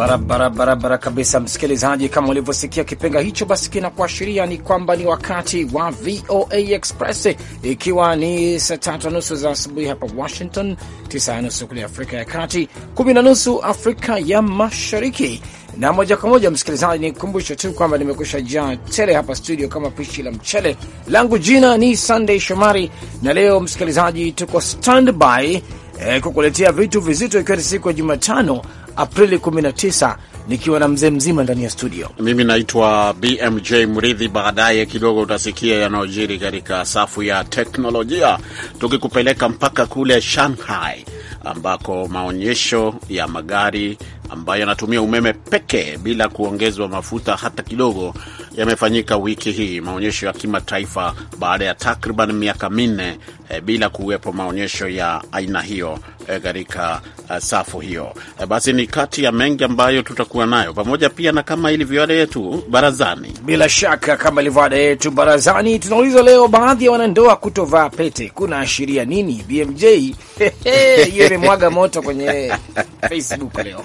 Barabara barabara kabisa, msikilizaji, kama ulivyosikia kipenga hicho, basi kinakuashiria ni kwamba ni wakati wa VOA Express, ikiwa ni saa tatu na nusu za asubuhi hapa Washington, tisa na nusu kule Afrika ya Kati, kumi na nusu Afrika ya Mashariki. Na moja kwa moja, msikilizaji, nikukumbushe tu kwamba nimekusha jaa tele hapa studio kama pishi la mchele langu. Jina ni Sunday Shomari, na leo msikilizaji, tuko standby eh, kukuletea vitu vizito, ikiwa ni siku ya Jumatano Aprili 19 nikiwa na mzee mzima ndani ya studio. Mimi naitwa BMJ Mridhi. Baadaye kidogo utasikia yanayojiri katika safu ya teknolojia, tukikupeleka mpaka kule Shanghai ambako maonyesho ya magari ambayo yanatumia umeme pekee bila kuongezwa mafuta hata kidogo yamefanyika wiki hii, maonyesho ya kimataifa baada ya takriban miaka minne eh, bila kuwepo maonyesho ya aina hiyo Eh, katika e, safu hiyo. E, basi ni kati ya mengi ambayo tutakuwa nayo pamoja pia na kama ilivyo ada yetu barazani. Bila shaka kama ilivyo ada yetu barazani, tunauliza leo, baadhi ya wanandoa kutovaa pete kuna ashiria nini? BMJ hiyo imemwaga moto kwenye Facebook leo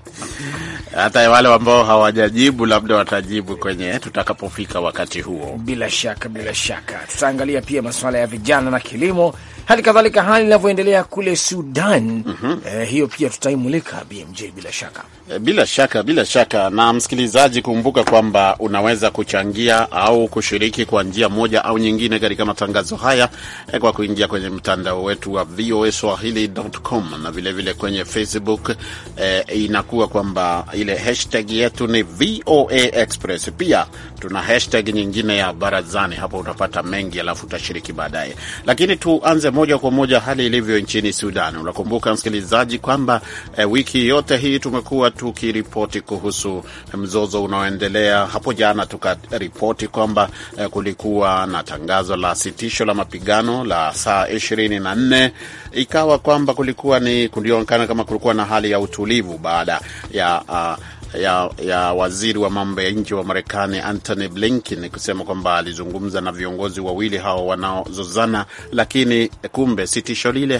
hata wale ambao hawajajibu labda watajibu kwenye tutakapofika wakati huo. Bila shaka, bila shaka tutaangalia pia masuala ya vijana na kilimo hali kadhalika hali inavyoendelea kule Sudan. mm -hmm. Eh, hiyo pia tutaimulika BMJ bila shaka, eh, bila shaka, bila shaka. Na msikilizaji, kumbuka kwamba unaweza kuchangia au kushiriki kwa njia moja au nyingine katika matangazo haya eh, kwa kuingia kwenye mtandao wetu wa VOA Swahili.com na vilevile vile kwenye Facebook eh, inakuwa kwamba ile hashtag yetu ni VOA Express. Pia tuna hashtag nyingine ya barazani, hapo utapata mengi alafu utashiriki baadaye, lakini tuanze moja kwa moja hali ilivyo nchini Sudan. Unakumbuka msikilizaji, kwamba e, wiki yote hii tumekuwa tukiripoti kuhusu mzozo unaoendelea. Hapo jana tukaripoti kwamba e, kulikuwa na tangazo la sitisho la mapigano la saa ishirini na nne ikawa kwamba kulikuwa ni kulionekana kama kulikuwa na hali ya utulivu baada ya uh, ya, ya waziri wa mambo ya nje wa Marekani Antony Blinken kusema kwamba alizungumza na viongozi wawili hao wanaozozana, lakini kumbe sitisho lile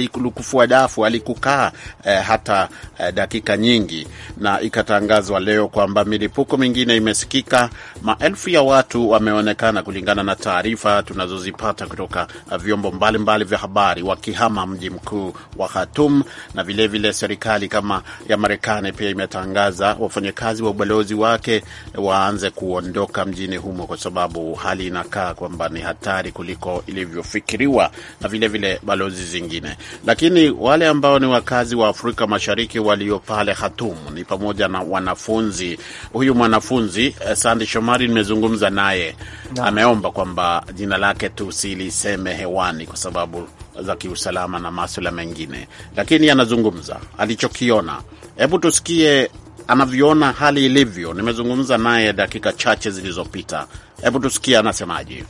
halikufua dafu, halikukaa eh, hata eh, dakika nyingi, na ikatangazwa leo kwamba milipuko mingine imesikika. Maelfu ya watu wameonekana, kulingana na taarifa tunazozipata kutoka eh, vyombo mbalimbali vya habari, wakihama mji mkuu wa Khartoum, na vilevile vile serikali kama ya Marekani pia imetangaza kutangaza wafanyakazi wa ubalozi wake waanze kuondoka mjini humo, kwa sababu hali inakaa kwamba ni hatari kuliko ilivyofikiriwa na vilevile vile balozi zingine. Lakini wale ambao ni wakazi wa Afrika Mashariki walio pale Khartoum ni pamoja na wanafunzi. Huyu mwanafunzi eh, Sandi Shomari nimezungumza naye na, ameomba kwamba jina lake tusiliseme hewani kwa sababu za kiusalama na maswala mengine, lakini anazungumza alichokiona. Hebu tusikie anavyoona hali ilivyo. Nimezungumza naye dakika chache zilizopita, hebu tusikie anasemaje.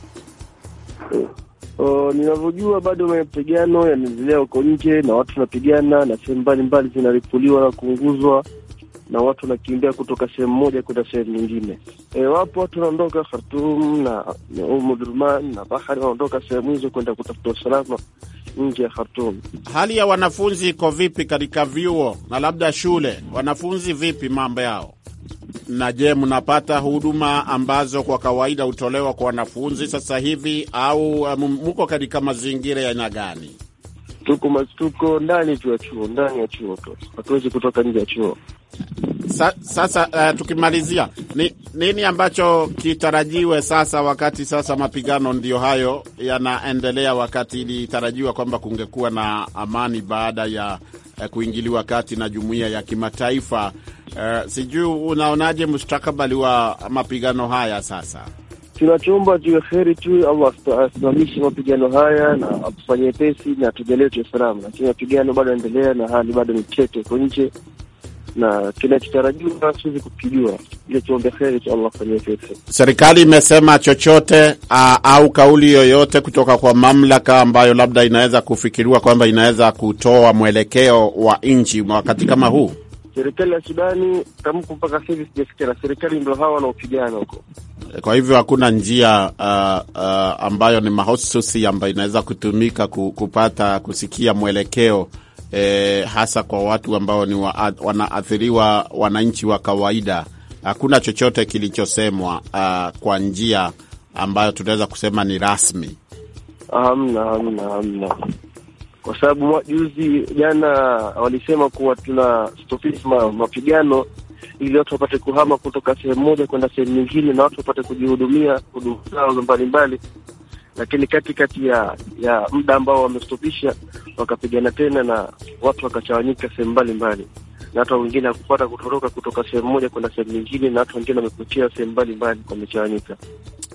Oh, ninavyojua bado mapigano yanaendelea huko nje, na watu wanapigana na sehemu mbalimbali zinaripuliwa na kuunguzwa na watu wanakimbia kutoka sehemu moja kwenda sehemu nyingine. E, wapo watu wanaondoka khartum na Umdurman umm na Bahari, wanaondoka sehemu hizo kwenda kutafuta usalama nje ya Khartoum. Hali ya wanafunzi iko vipi katika vyuo na labda shule? Wanafunzi vipi mambo yao? Na je, mnapata huduma ambazo kwa kawaida hutolewa kwa wanafunzi sasa hivi, au eh, muko katika mazingira ya aina gani? Tuko, tuko ndani tu ya chuo, ndani ya chuo tu, hatuwezi kutoka nje ya chuo. Sa, sasa uh, tukimalizia ni, nini ambacho kitarajiwe sasa, wakati sasa mapigano ndio hayo yanaendelea, wakati ilitarajiwa kwamba kungekuwa na amani baada ya uh, kuingiliwa kati na jumuiya ya kimataifa uh, sijui unaonaje mustakabali wa mapigano haya sasa? Tunachoomba juu ya heri tu, Allah asimamishe mapigano haya na atufanyie pesi na tujalie Uislamu, lakini mapigano bado aendelea na hali bado ni tete huko nje na kinachotarajiwa siwezi kukijua, ile tuombe heri tu Allah fanyie fesi. Serikali imesema chochote a, au kauli yoyote kutoka kwa mamlaka ambayo labda inaweza kufikiriwa kwamba inaweza kutoa mwelekeo wa nchi wakati kama huu? Serikali ya Sudani tamko mpaka hivi sijasikia, na serikali ndio hawa wanaopigana huko. Kwa hivyo hakuna njia uh, uh, ambayo ni mahususi ambayo inaweza kutumika kupata kusikia mwelekeo eh, hasa kwa watu ambao ni wa, wanaathiriwa wananchi wa kawaida. Hakuna chochote kilichosemwa uh, kwa njia ambayo tunaweza kusema ni rasmi. Hamna, hamna, hamna, kwa sababu juzi jana walisema kuwa tuna stopisma mapigano ili watu wapate kuhama kutoka sehemu moja kwenda sehemu nyingine, na watu wapate kujihudumia huduma zao mbalimbali lakini katikati ya ya muda ambao wamestopisha wakapigana tena na watu wakachawanyika sehemu mbalimbali, na hata wengine hakupata kutoroka kutoka sehemu moja kwenda sehemu nyingine, na watu wengine wamepotea sehemu mbalimbali, wamechawanyika.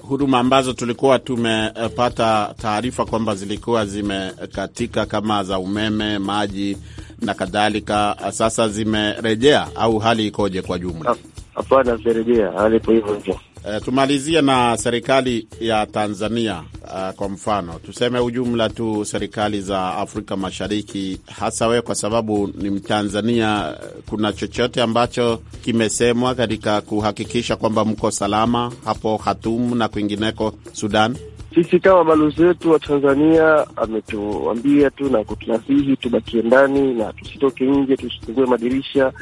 Huduma ambazo tulikuwa tumepata taarifa kwamba zilikuwa zimekatika kama za umeme, maji na kadhalika, sasa zimerejea au hali ikoje kwa jumla? Hapana, zimerejea hali ipo hivyo hivyo. Uh, tumalizie na serikali ya Tanzania. Uh, kwa mfano tuseme ujumla tu serikali za Afrika Mashariki, hasa wewe kwa sababu ni Mtanzania, eh, kuna chochote ambacho kimesemwa katika kuhakikisha kwamba mko salama hapo Khartoum na kwingineko Sudan? Sisi kama balozi wetu wa Tanzania ametuambia tu na kutunasihi tubakie ndani na tusitoke nje, tusifungue madirisha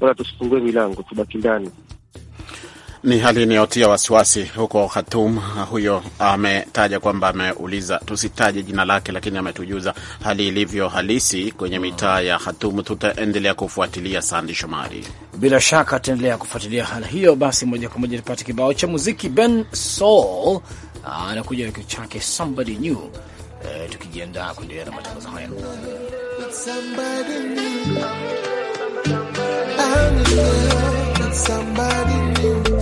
wala tusifungue milango, tubaki ndani. Ni hali inayotia wasiwasi huko khatum Huyo ametaja kwamba ameuliza tusitaje jina lake, lakini ametujuza hali ilivyo halisi kwenye mitaa ya khatum Tutaendelea kufuatilia. Sandi Shomari, bila shaka tutaendelea kufuatilia hali hiyo. Basi moja kwa moja tupate kibao cha muziki. Ben Soul ah, anakuja kitu chake somebody new, eh, tukijiandaa kuendelea na matangazo haya somebody new.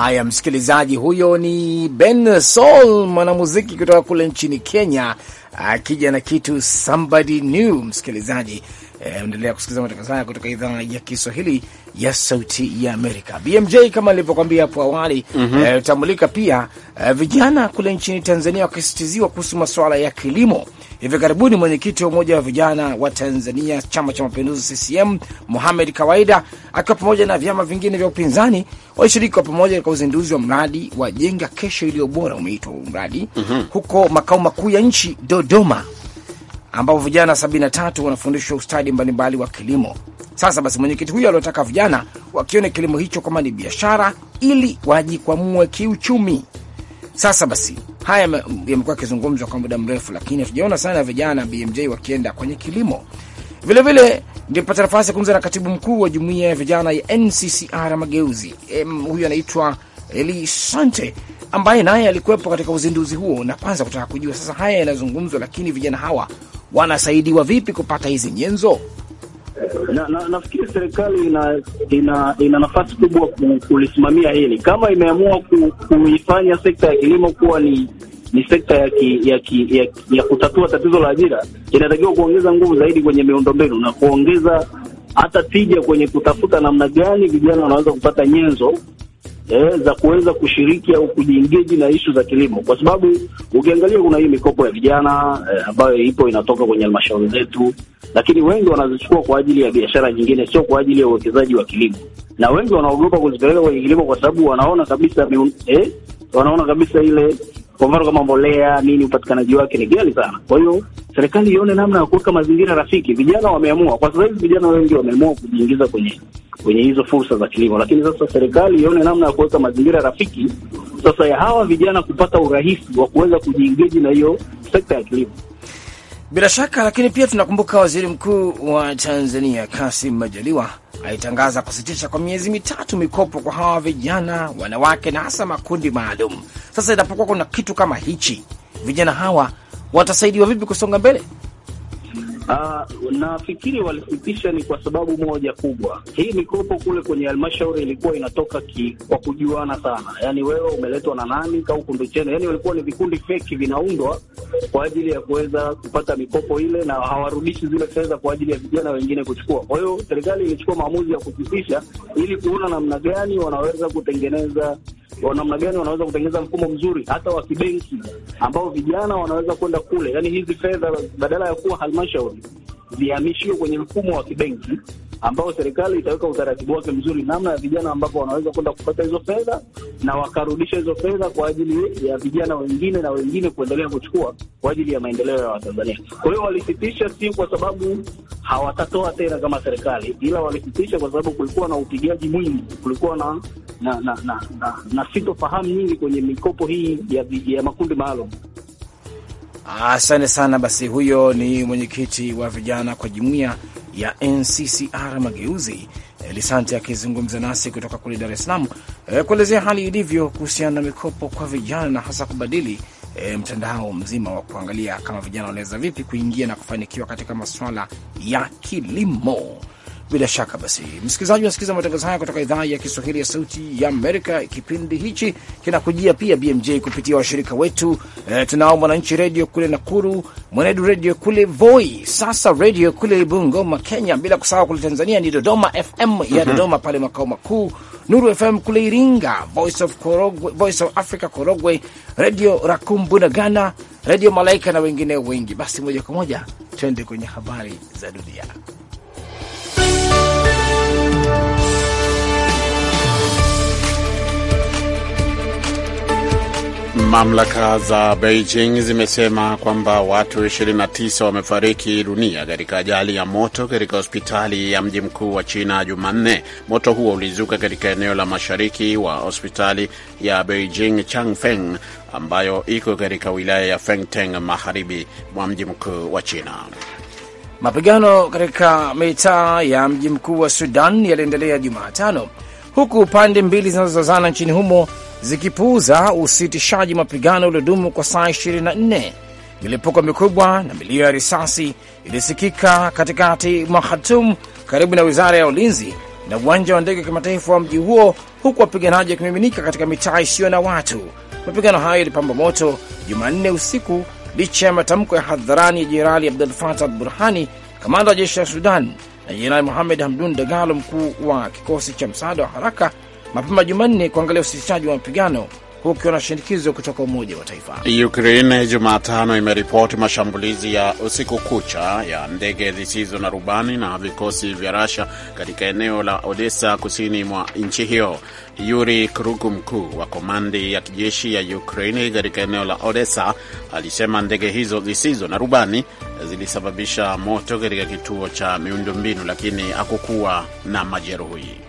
Haya, msikilizaji, huyo ni Ben sol mwanamuziki kutoka kule nchini Kenya, akija na kitu somebody new. Msikilizaji, eh, endelea kusikiliza matangazo haya kutoka idhaa ya Kiswahili ya Sauti ya Amerika. BMJ, kama nilivyokwambia hapo awali, mhm. eh, utamulika mm -hmm. E, pia e, vijana kule nchini Tanzania wakisitiziwa kuhusu masuala ya kilimo Hivi karibuni mwenyekiti wa umoja wa vijana wa Tanzania, chama cha mapinduzi CCM, Mohamed Kawaida akiwa pamoja na vyama vingine vya upinzani walishiriki kwa pamoja katika uzinduzi wa mradi wa Jenga Kesho Iliyo Bora, umeitwa huu mradi mm -hmm. huko makao makuu ya nchi Dodoma, ambapo vijana 73 wanafundishwa ustadi mbalimbali wa kilimo. Sasa basi, mwenyekiti huyo aliotaka vijana wakione kilimo hicho kama ni biashara, ili wajikwamue kiuchumi. Sasa basi, haya yamekuwa yakizungumzwa kwa muda mrefu, lakini hatujaona sana vijana BMJ wakienda kwenye kilimo. Vilevile nilipata nafasi ya kuzungumza na katibu mkuu wa jumuiya ya vijana ya NCCR Mageuzi, huyu anaitwa Eli Sante ambaye naye alikuwepo katika uzinduzi huo, na kwanza kutaka kujua sasa haya yanazungumzwa, lakini vijana hawa wanasaidiwa vipi kupata hizi nyenzo? na, na, nafikiri serikali ina ina, ina nafasi kubwa kulisimamia hili kama imeamua kuifanya sekta ya kilimo kuwa ni ni sekta ya ki, ya, ki, ya, ya kutatua tatizo la ajira, inatakiwa kuongeza nguvu zaidi kwenye miundombinu na kuongeza hata tija kwenye kutafuta namna gani vijana wanaweza kupata nyenzo eh, za kuweza kushiriki au kujiingeji na ishu za kilimo, kwa sababu ukiangalia kuna hii mikopo ya vijana eh, ambayo ipo inatoka kwenye halmashauri zetu, lakini wengi wanazichukua kwa ajili ya biashara nyingine, sio kwa ajili ya uwekezaji wa kilimo, na wengi wanaogopa kuzipeleka kwenye kilimo kwa sababu wanaona kabisa eh, wanaona kabisa ile kwa mfano kama mbolea nini, upatikanaji wake ni gali sana. Kwa hiyo serikali ione namna ya kuweka mazingira rafiki. Vijana wameamua, kwa sasa hivi vijana wengi wameamua kujiingiza kwenye kwenye hizo fursa za kilimo, lakini sasa serikali ione namna ya kuweka mazingira rafiki sasa ya hawa vijana kupata urahisi wa kuweza kujiingiza na hiyo sekta ya kilimo bila shaka. Lakini pia tunakumbuka waziri mkuu wa Tanzania Kasim Majaliwa alitangaza kusitisha kwa miezi mitatu mikopo kwa hawa vijana, wanawake na hasa makundi maalum. Sasa inapokuwa kuna kitu kama hichi, vijana hawa watasaidiwa vipi kusonga mbele? Ah, nafikiri walisitisha ni kwa sababu moja kubwa. Hii mikopo kule kwenye halmashauri ilikuwa inatoka ki, kwa kujuana sana, yaani wewe umeletwa na nani au kundi chenu, yaani walikuwa ni vikundi feki vinaundwa kwa ajili ya kuweza kupata mikopo ile, na hawarudishi zile fedha kwa ajili ya vijana wengine kuchukua. Kwa hiyo serikali ilichukua maamuzi ya kusitisha ili kuona namna gani wanaweza kutengeneza namna gani wanaweza kutengeneza mfumo mzuri hata wa kibenki ambao vijana wanaweza kwenda kule, yaani hizi fedha badala ya kuwa halmashauri vihamishiwe kwenye mfumo wa kibenki ambao serikali itaweka utaratibu wake mzuri, namna ya vijana ambapo wanaweza kwenda kupata hizo fedha na wakarudisha hizo fedha kwa ajili ya vijana wengine na wengine kuendelea kuchukua kwa ajili ya maendeleo ya Watanzania. Kwa hiyo walisitisha, si kwa sababu hawatatoa tena kama serikali, ila walisitisha kwa sababu kulikuwa na upigaji mwingi, kulikuwa na na na, na, na, na sitofahamu nyingi kwenye mikopo hii ya, ya makundi maalum. Asante sana. Basi huyo ni mwenyekiti wa vijana kwa jumuiya ya NCCR Mageuzi, eh, Lisante akizungumza nasi kutoka kule Dar es Salaam eh, kuelezea hali ilivyo kuhusiana na mikopo kwa vijana na hasa kubadili E, mtandao mzima wa kuangalia kama vijana wanaweza vipi kuingia na kufanikiwa katika masuala ya kilimo. Bila shaka basi, msikilizaji, unasikiliza matangazo haya kutoka idhaa ya Kiswahili ya Sauti ya Amerika. Kipindi hichi kinakujia pia BMJ kupitia washirika wetu e, tunao Mwananchi Redio kule Nakuru, Mwenedu Redio kule Voi, Sasa Redio kule Bungoma, Kenya, bila kusahau kule Tanzania ni Dodoma FM ya mhm. Dodoma pale makao makuu, Nuru FM kule Iringa, Voice of, Korogwe, Voice of Africa Korogwe, Redio na Ghana, Redio Malaika na wengine wengi. Basi moja kwa moja twende kwenye habari za dunia. Mamlaka za Beijing zimesema kwamba watu 29 wamefariki dunia katika ajali ya moto katika hospitali ya mji mkuu wa China Jumanne. Moto huo ulizuka katika eneo la mashariki wa hospitali ya Beijing Changfeng ambayo iko katika wilaya ya Fengteng magharibi mwa mji mkuu wa China. Mapigano katika mitaa ya mji mkuu wa Sudan yaliendelea Jumatano huku pande mbili zinazozozana nchini humo zikipuuza usitishaji mapigano uliodumu kwa saa 24. Milipuko mikubwa na milio ya risasi ilisikika katikati mwa Khartoum karibu na wizara ya ulinzi na uwanja wa ndege wa kimataifa wa mji huo, huku wapiganaji wakimiminika katika mitaa isiyo na watu. Mapigano hayo yalipamba moto Jumanne usiku licha ya matamko ya hadharani ya Jenerali Abdul Fatah Burhani, kamanda wa jeshi la Sudan na Jenerali Mohamed Hamdun Dagalo, mkuu wa kikosi cha msaada wa haraka, mapema Jumanne kuangalia usitishaji wa mapigano kukiwa na shinikizo kutoka Umoja wa Taifa. Ukraine Jumatano imeripoti mashambulizi ya usiku kucha ya ndege zisizo na rubani na vikosi vya rasha katika eneo la Odessa kusini mwa nchi hiyo. Yuri Kruku, mkuu wa komandi ya kijeshi ya Ukraini katika eneo la Odessa, alisema ndege hizo zisizo na rubani zilisababisha moto katika kituo cha miundombinu, lakini hakukuwa na majeruhi.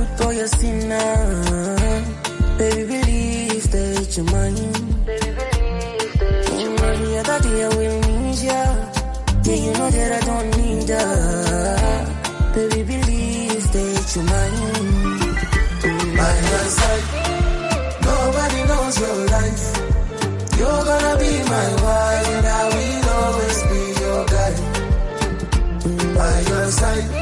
escuto y así Baby, believe that you're mine. Baby, believe that I will need ya. Yeah, you know that I don't need ya. Baby, believe that you're mine. By my side, nobody knows your life. You're gonna be my wife, and I will always be your guy. By your side.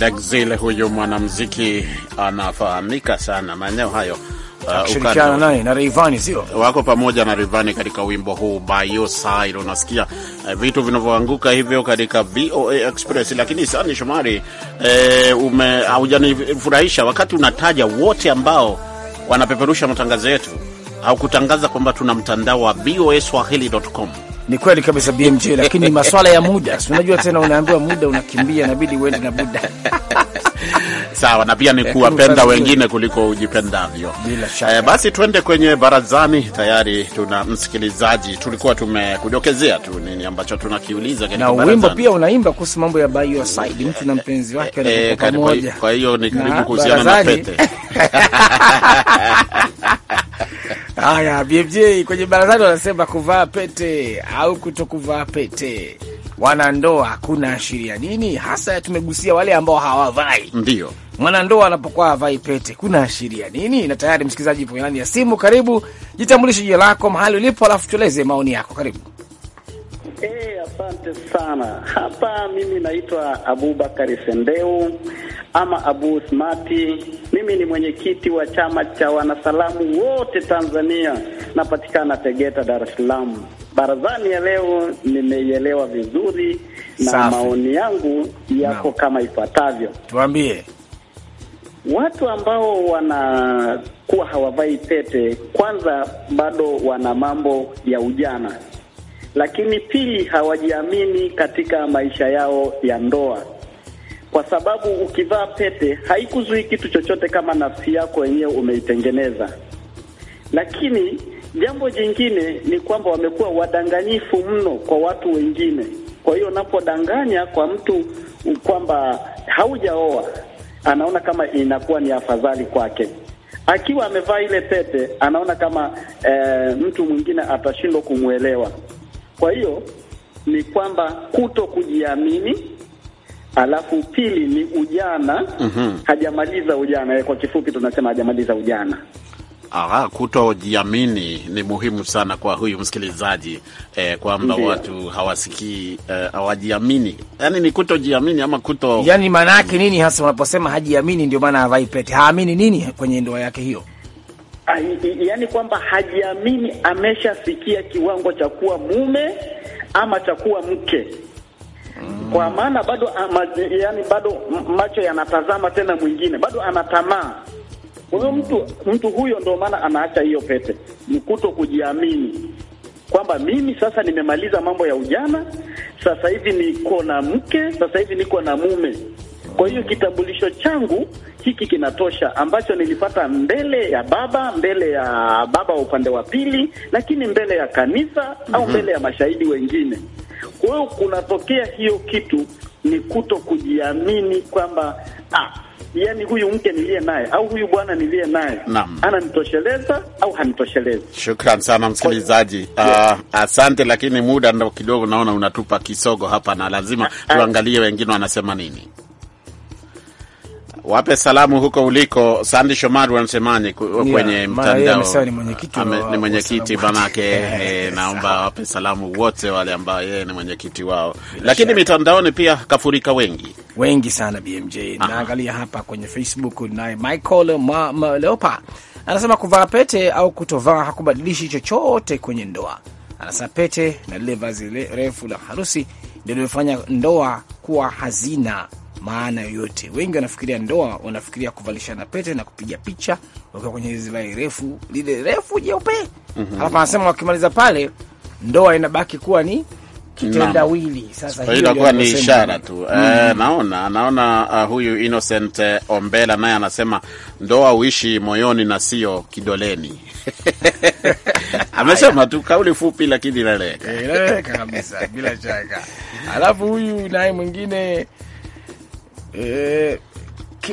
Lexil, huyu mwanamuziki anafahamika sana maeneo hayo. Uh, naye na Rayvanny sio wako pamoja na Rayvanny katika wimbo huu bayo side. Unasikia uh, vitu vinavyoanguka hivyo katika VOA Express. Lakini Sani Shomari, eh, ume haujanifurahisha wakati unataja wote ambao wanapeperusha matangazo yetu au kutangaza kwamba tuna mtandao wa voaswahili.com ni kweli kabisa BMJ, lakini maswala ya muda, si unajua tena, unaambiwa muda unakimbia, inabidi uende na muda Sawa, na pia ni kuwapenda wengine kuliko ujipendavyo. e, basi tuende kwenye barazani. Tayari tuna msikilizaji, tulikuwa tumekudokezea tu nini ambacho tunakiuliza na wimbo pia unaimba kuhusu mambo ya side, eh, mtu na mpenzi wake e, pamoja. Kwa hiyo ni karibu kuhusiana na pete Haya, BMJ kwenye barazani wanasema kuvaa pete au kutokuvaa pete, wanandoa kuna ashiria nini hasa? Tumegusia wale ambao hawavai, ndio mwanandoa anapokuwa havai pete kuna ashiria nini? Na tayari msikilizaji yupo ndani ya simu. Karibu, jitambulishe jina lako, mahali ulipo, alafu tueleze maoni yako. Karibu. Asante sana. Hapa mimi naitwa Abubakari Sendeu ama Abu Smati. Mimi ni mwenyekiti wa chama cha wanasalamu wote Tanzania, napatikana Tegeta, Dar es Salaam. Barazani ya leo nimeielewa vizuri na Safi. Maoni yangu yako no. kama ifuatavyo. Tuambie. Watu ambao wanakuwa hawavai pete, kwanza bado wana mambo ya ujana lakini pili, hawajiamini katika maisha yao ya ndoa, kwa sababu ukivaa pete haikuzui kitu chochote kama nafsi yako wenyewe umeitengeneza. Lakini jambo jingine ni kwamba wamekuwa wadanganyifu mno kwa watu wengine. Kwa hiyo unapodanganya kwa mtu kwamba haujaoa, anaona kama inakuwa ni afadhali kwake akiwa amevaa ile pete anaona kama eh, mtu mwingine atashindwa kumwelewa. Kwa hiyo ni kwamba kuto kujiamini, alafu pili ni ujana. mm -hmm. Hajamaliza ujana, eh, kwa kifupi tunasema hajamaliza ujana. Aha, kutojiamini ni muhimu sana kwa huyu msikilizaji eh, kwamba watu hawasikii eh, hawajiamini. yani ni kutojiamini ama kuto, yani maana yake nini hasa unaposema hajiamini? Ndio maana havai pete, haamini nini kwenye ndoa yake hiyo yaani kwamba hajiamini, ameshafikia kiwango cha kuwa mume ama cha kuwa mke Kwa mm. maana bado ama, ah, yani bado macho yanatazama tena mwingine, bado anatamaa huyo mm. mtu mtu huyo, ndio maana anaacha hiyo pete, ni kuto kujiamini kwamba mimi sasa nimemaliza mambo ya ujana, sasa hivi niko na mke, sasa hivi niko na mume. Kwa hiyo kitambulisho changu hiki kinatosha, ambacho nilipata mbele ya baba, mbele ya baba wa upande wa pili, lakini mbele ya kanisa mm -hmm. au mhm. mbele ya mashahidi wengine. Kwa hiyo kunatokea hiyo kitu ni kuto kujiamini kwamba ah, yani huyu mke niliye naye au huyu bwana niliye naye ananitosheleza au hanitoshelezi. Shukran sana msikilizaji, yeah. Uh, asante, lakini muda ndo kidogo naona unatupa kisogo hapa na lazima ah, ah. tuangalie wengine wanasema nini. Wape salamu huko uliko. Sandi Shomari wanasemaje kwenye yeah, mtandao? Ni mwenyekiti manake, eh, naomba wape salamu wote wale ambao yeye ni mwenyekiti wao, lakini mitandaoni pia kafurika wengi wengi sana BMJ. Naangalia hapa kwenye Facebook, naye Michael Leopa anasema kuvaa pete au kutovaa hakubadilishi chochote kwenye ndoa. Anasema pete na lile vazi refu la harusi ndio limefanya ndoa kuwa hazina maana yoyote. Wengi wanafikiria ndoa, wanafikiria kuvalishana pete na kupiga picha wakiwa kwenye zilai refu lile refu jeupe, mhm. Alafu anasema wakimaliza pale ndoa inabaki kuwa ni kitendawili. Sasa hiyo inakuwa ni ishara tu mm -hmm. E, naona naona uh, huyu Innocent eh, Ombela naye anasema ndoa uishi moyoni na sio kidoleni. Amesema tu kauli fupi, lakini inaeleweka inaeleweka kabisa bila shaka. Alafu huyu naye mwingine eh,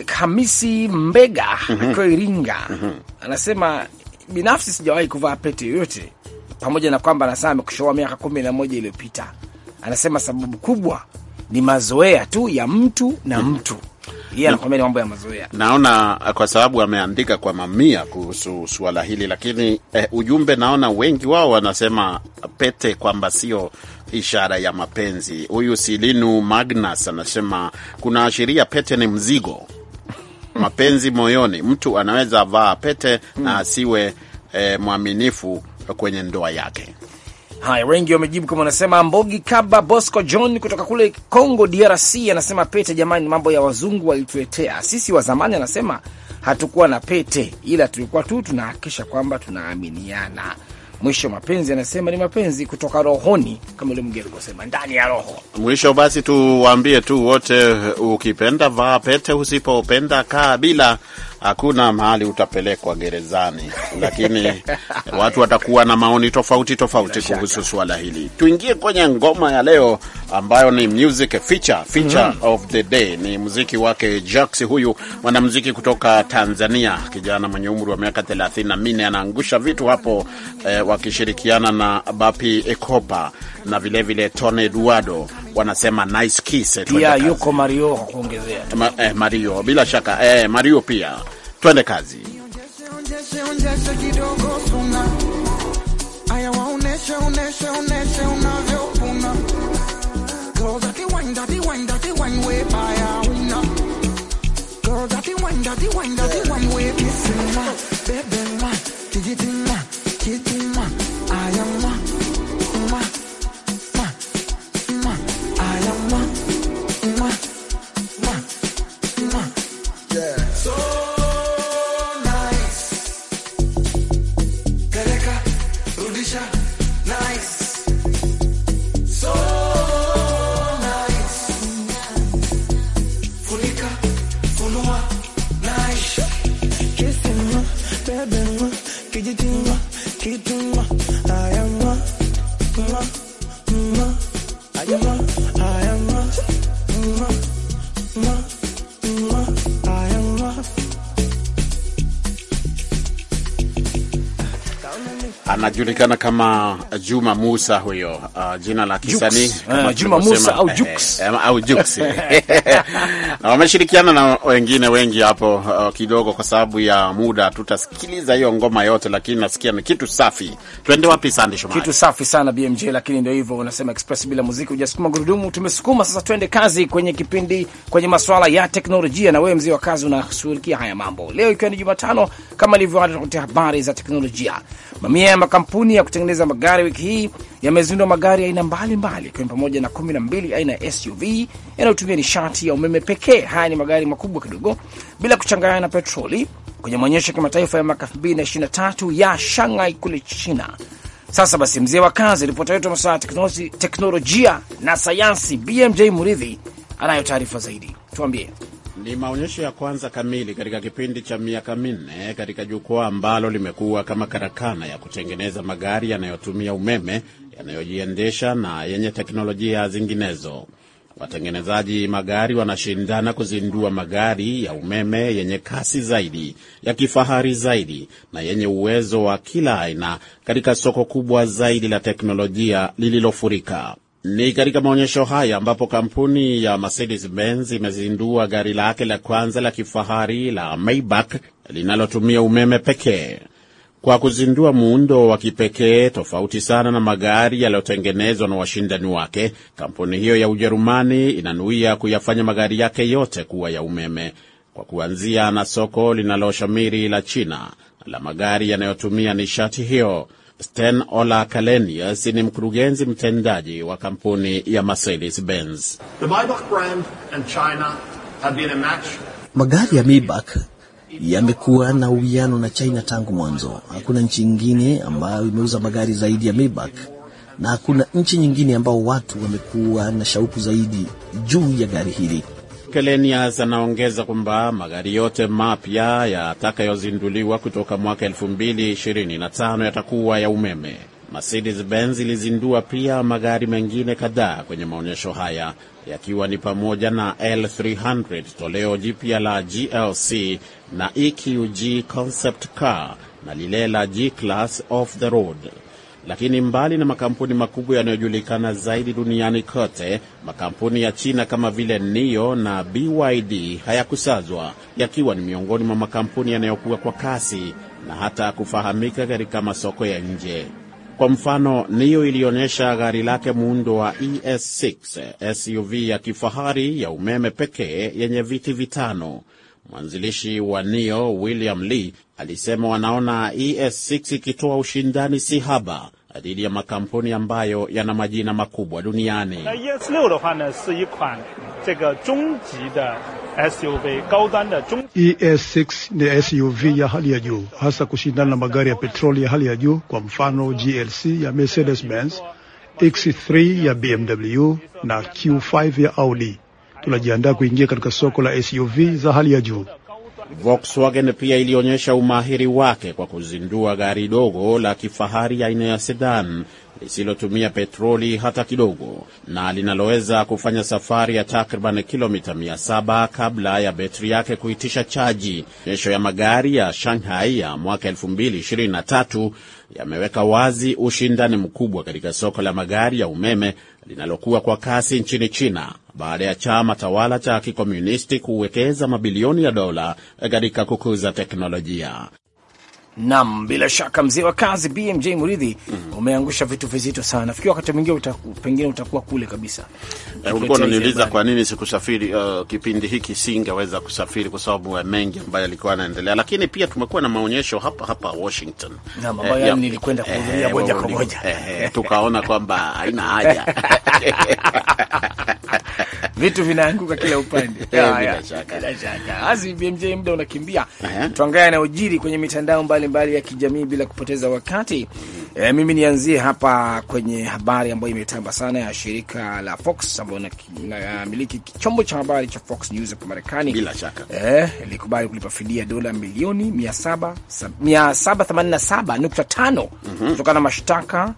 Hamisi Mbega mm -hmm. akiwa Iringa mm -hmm. anasema binafsi sijawahi kuvaa pete yoyote, pamoja na kwamba anasema amekushoa miaka kumi na moja iliyopita. Anasema sababu kubwa ni mazoea tu ya mtu na mhm. mtu mm -hmm yeye anakwambia ni mambo ya mazoea. Naona eh, kwa sababu ameandika kwa mamia kuhusu suala hili, lakini eh, ujumbe naona wengi wao wanasema pete kwamba sio ishara ya mapenzi. Huyu Silinu Magnus anasema kuna ashiria pete ni mzigo mapenzi moyoni. Mtu anaweza vaa pete na hmm. asiwe eh, mwaminifu kwenye ndoa yake. Haya, wengi wamejibu kama wanasema Mbogi Kaba Bosco John kutoka kule Congo DRC anasema pete, jamani, mambo ya wazungu walituletea sisi wa zamani. Anasema hatukuwa na pete, ila tulikuwa tu tunahakikisha kwamba tunaaminiana. Mwisho mapenzi anasema ni mapenzi kutoka rohoni, kama ule mgeni kusema ndani ya roho. Mwisho basi, tuwaambie tu wote, ukipenda vaa pete, usipopenda kaa bila hakuna mahali utapelekwa gerezani, lakini watu watakuwa na maoni tofauti tofauti kuhusu suala hili. Tuingie kwenye ngoma ya leo ambayo ni music feature, feature mm -hmm. of the day ni muziki wake Jax, huyu mwanamuziki kutoka Tanzania, kijana mwenye umri wa miaka 34 anaangusha vitu hapo eh, wakishirikiana na Bapi Ekopa na vilevile Tony Eduardo wanasema nice kiss. Pia yuko Mario kuongezea Ma, eh, Mario bila shaka eh, Mario pia. Twende kazi you anajulikana kama Juma Musa huyo, uh, jina la kisanii uh, Juma Musa au eh, Jux eh, au Jux. Wameshirikiana na wengine wengi hapo. Uh, kidogo kwa sababu ya muda tutasikiliza hiyo ngoma yote, lakini nasikia ni kitu safi. Twende wapi, Sande Shomari? Kitu safi sana BMJ, lakini ndio hivyo unasema express bila muziki hujasukuma gurudumu. Tumesukuma sasa, twende kazi kwenye kipindi, kwenye masuala ya teknolojia, na wewe mzee wa kazi unashughulikia haya mambo leo, ikiwa ni Jumatano kama ilivyo ada, habari za teknolojia. Mamia ya Makampuni ya kutengeneza magari wiki hii yamezindua magari aina mbalimbali, ikiwa ni pamoja na kumi na mbili aina ya SUV yanayotumia nishati ya umeme pekee. Haya ni magari makubwa kidogo, bila kuchanganya na petroli, kwenye maonyesho ya kimataifa ya mwaka 2023 ya Shanghai kule China. Sasa basi, mzee wa kazi, ripota wetu wa masuala ya teknolojia na sayansi BMJ Muridhi anayo taarifa zaidi, tuambie. Ni maonyesho ya kwanza kamili katika kipindi cha miaka minne katika jukwaa ambalo limekuwa kama karakana ya kutengeneza magari yanayotumia umeme, yanayojiendesha na yenye teknolojia zinginezo. Watengenezaji magari wanashindana kuzindua magari ya umeme yenye kasi zaidi, ya kifahari zaidi na yenye uwezo wa kila aina katika soko kubwa zaidi la teknolojia lililofurika. Ni katika maonyesho haya ambapo kampuni ya Mercedes Benz imezindua gari lake la kwanza la kifahari la Maybach linalotumia umeme pekee. Kwa kuzindua muundo wa kipekee tofauti sana na magari yaliyotengenezwa na washindani wake, kampuni hiyo ya Ujerumani inanuia kuyafanya magari yake yote kuwa ya umeme kwa kuanzia na soko linaloshamiri la China la magari yanayotumia nishati hiyo. Sten Ola Kalenius ni mkurugenzi mtendaji wa kampuni ya Mercedes Benz. Magari ya Maybach yamekuwa na uwiano na China tangu mwanzo. Hakuna nchi nyingine ambayo imeuza magari zaidi ya Maybach na hakuna nchi nyingine ambao watu wamekuwa na shauku zaidi juu ya gari hili. Kelenias anaongeza kwamba magari yote mapya yatakayozinduliwa kutoka mwaka 2025 yatakuwa ya umeme. Mercedes Benz ilizindua pia magari mengine kadhaa kwenye maonyesho haya yakiwa ni pamoja na L300 toleo jipya la GLC na EQG concept car na lile la G-Class off the road. Lakini mbali na makampuni makubwa yanayojulikana zaidi duniani kote, makampuni ya China kama vile NIO na BYD hayakusazwa, yakiwa ni miongoni mwa makampuni yanayokuwa kwa kasi na hata kufahamika katika masoko ya nje. Kwa mfano, NIO ilionyesha gari lake muundo wa ES6, SUV ya kifahari ya umeme pekee yenye viti vitano. Mwanzilishi wa NIO William Lee alisema wanaona ES6 ikitoa ushindani si haba dhidi ya makampuni ambayo yana majina makubwa duniani. ES6 e ni SUV ya hali ya juu, hasa kushindana na magari ya petroli ya hali ya juu, kwa mfano GLC ya Mercedes Benz, X3 ya BMW na Q5 ya Audi tunajiandaa kuingia katika soko la SUV za hali ya juu. Volkswagen pia ilionyesha umahiri wake kwa kuzindua gari dogo la kifahari aina ya sedan lisilotumia petroli hata kidogo na linaloweza kufanya safari ya takriban kilomita 700 kabla ya betri yake kuitisha chaji. Onyesho ya magari ya Shanghai ya mwaka 2023 yameweka wazi ushindani mkubwa katika soko la magari ya umeme linalokuwa kwa kasi nchini China baada ya chama tawala cha kikomunisti kuwekeza mabilioni ya dola katika kukuza teknolojia. Nam, bila shaka mzee wa kazi BMJ Muridhi, mm -hmm. umeangusha vitu vizito sana. Nafikiri wakati mwingine utaku, pengine utakuwa kule kabisa. E, ulikuwa unaniuliza kwa nini sikusafiri uh, kipindi hiki singeweza kusafiri kwa sababu ya mengi ambayo yalikuwa yanaendelea, lakini pia tumekuwa na maonyesho hapa hapa Washington eh, ambayo eh, nilikwenda kuhudhuria eh, moja kwa moja eh, tukaona kwamba haina haja vitu vinaanguka kila upande. Bila shaka, bila shaka. Azi, BMJ, muda unakimbia, tuangalia yanayojiri kwenye mitandao mbali mbalimbali ya kijamii bila kupoteza wakati. E, mimi nianzie hapa kwenye habari ambayo imetamba sana ya shirika la Fox ambayo inamiliki chombo cha habari cha Fox News hapa Marekani. Bila shaka e, ilikubali kulipa fidia dola milioni 787.5 mhm. kutokana na mashtaka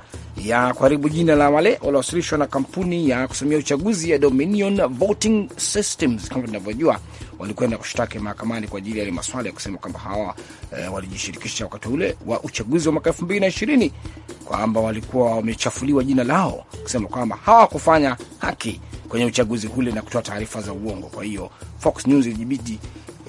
ya kuharibu jina la wale waliowasilishwa na kampuni ya kusimamia uchaguzi ya Dominion Voting Systems. Kama tunavyojua, walikwenda kushtaki mahakamani kwa ajili ya ile maswala ya kusema kwamba hawa e, walijishirikisha wakati ule wa uchaguzi wa mwaka elfu mbili na ishirini kwamba walikuwa wamechafuliwa jina lao, kusema kwamba hawakufanya haki kwenye uchaguzi ule na kutoa taarifa za uongo. Kwa hiyo Fox News ilijibidi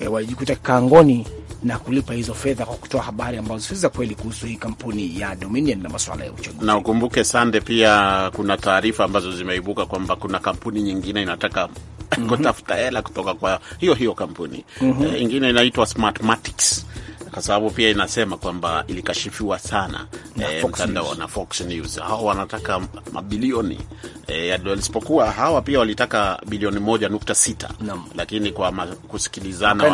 e, walijikuta kikangoni na kulipa hizo fedha kwa kutoa habari ambazo si za kweli kuhusu hii kampuni ya Dominion na masuala ya uchaguzi. Na ukumbuke Sande, pia kuna taarifa ambazo zimeibuka kwamba kuna kampuni nyingine inataka mm -hmm. kutafuta hela kutoka kwa hiyo hiyo kampuni mm -hmm. e, ingine inaitwa Smartmatics kwa sababu pia inasema kwamba ilikashifiwa sana Eh, mtandao na Fox News. Hawa wanataka mabilioni eh, isipokuwa hawa pia walitaka bilioni moja nukta sita no. Lakini kwa kusikilizana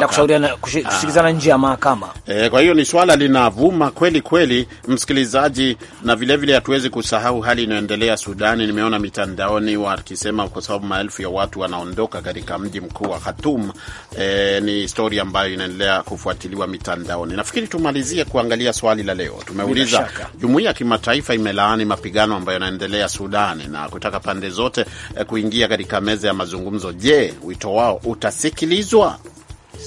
ah. kusikilizana nje ya mahakama e, kwa hiyo ni swala linavuma kweli kweli, msikilizaji, na vilevile hatuwezi kusahau hali inayoendelea Sudani. Nimeona mitandaoni wakisema kwa sababu maelfu ya watu wanaondoka katika mji mkuu wa Khartoum. E, ni stori ambayo inaendelea kufuatiliwa mitandaoni. Nafikiri tumalizie kuangalia swali la leo. Tumeuliza Jumuiya ya kimataifa imelaani mapigano ambayo yanaendelea Sudani na kutaka pande zote eh, kuingia katika meza ya mazungumzo. Je, wito wao utasikilizwa?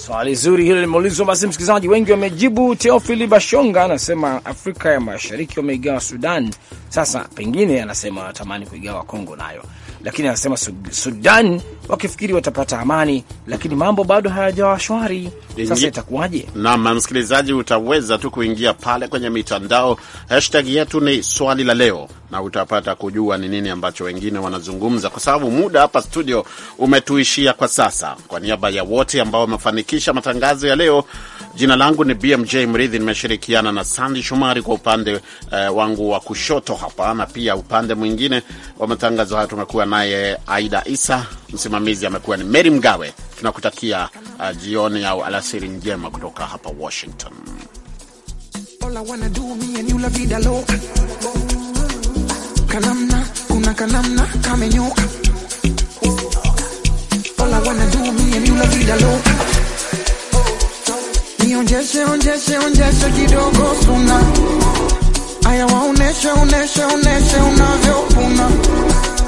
Swali zuri hilo limeulizwa. Basi msikilizaji wengi wamejibu. Teofili Bashonga anasema Afrika ya Mashariki wameigawa Sudan, sasa pengine anasema wanatamani kuigawa Kongo nayo na lakini anasema Sudan wakifikiri watapata amani, lakini mambo bado hayajawa shwari. Sasa itakuwaje? Naam, msikilizaji, utaweza tu kuingia pale kwenye mitandao, hashtag yetu ni swali la leo, na utapata kujua ni nini ambacho wengine wanazungumza, kwa sababu muda hapa studio umetuishia kwa sasa. Kwa niaba ya wote ambao wamefanikisha matangazo ya leo Jina langu ni BMJ Mridhi, nimeshirikiana na Sandi Shomari kwa upande eh, wangu wa kushoto hapa, na pia upande mwingine wa matangazo haya tumekuwa naye Aida Isa, msimamizi amekuwa ni Mary Mgawe. Tunakutakia uh, jioni au alasiri njema kutoka hapa Washington. Nionjeshe, onjeshe, onjeshe kidogo suna. Aya waoneshe, oneshe, oneshe unavyopuna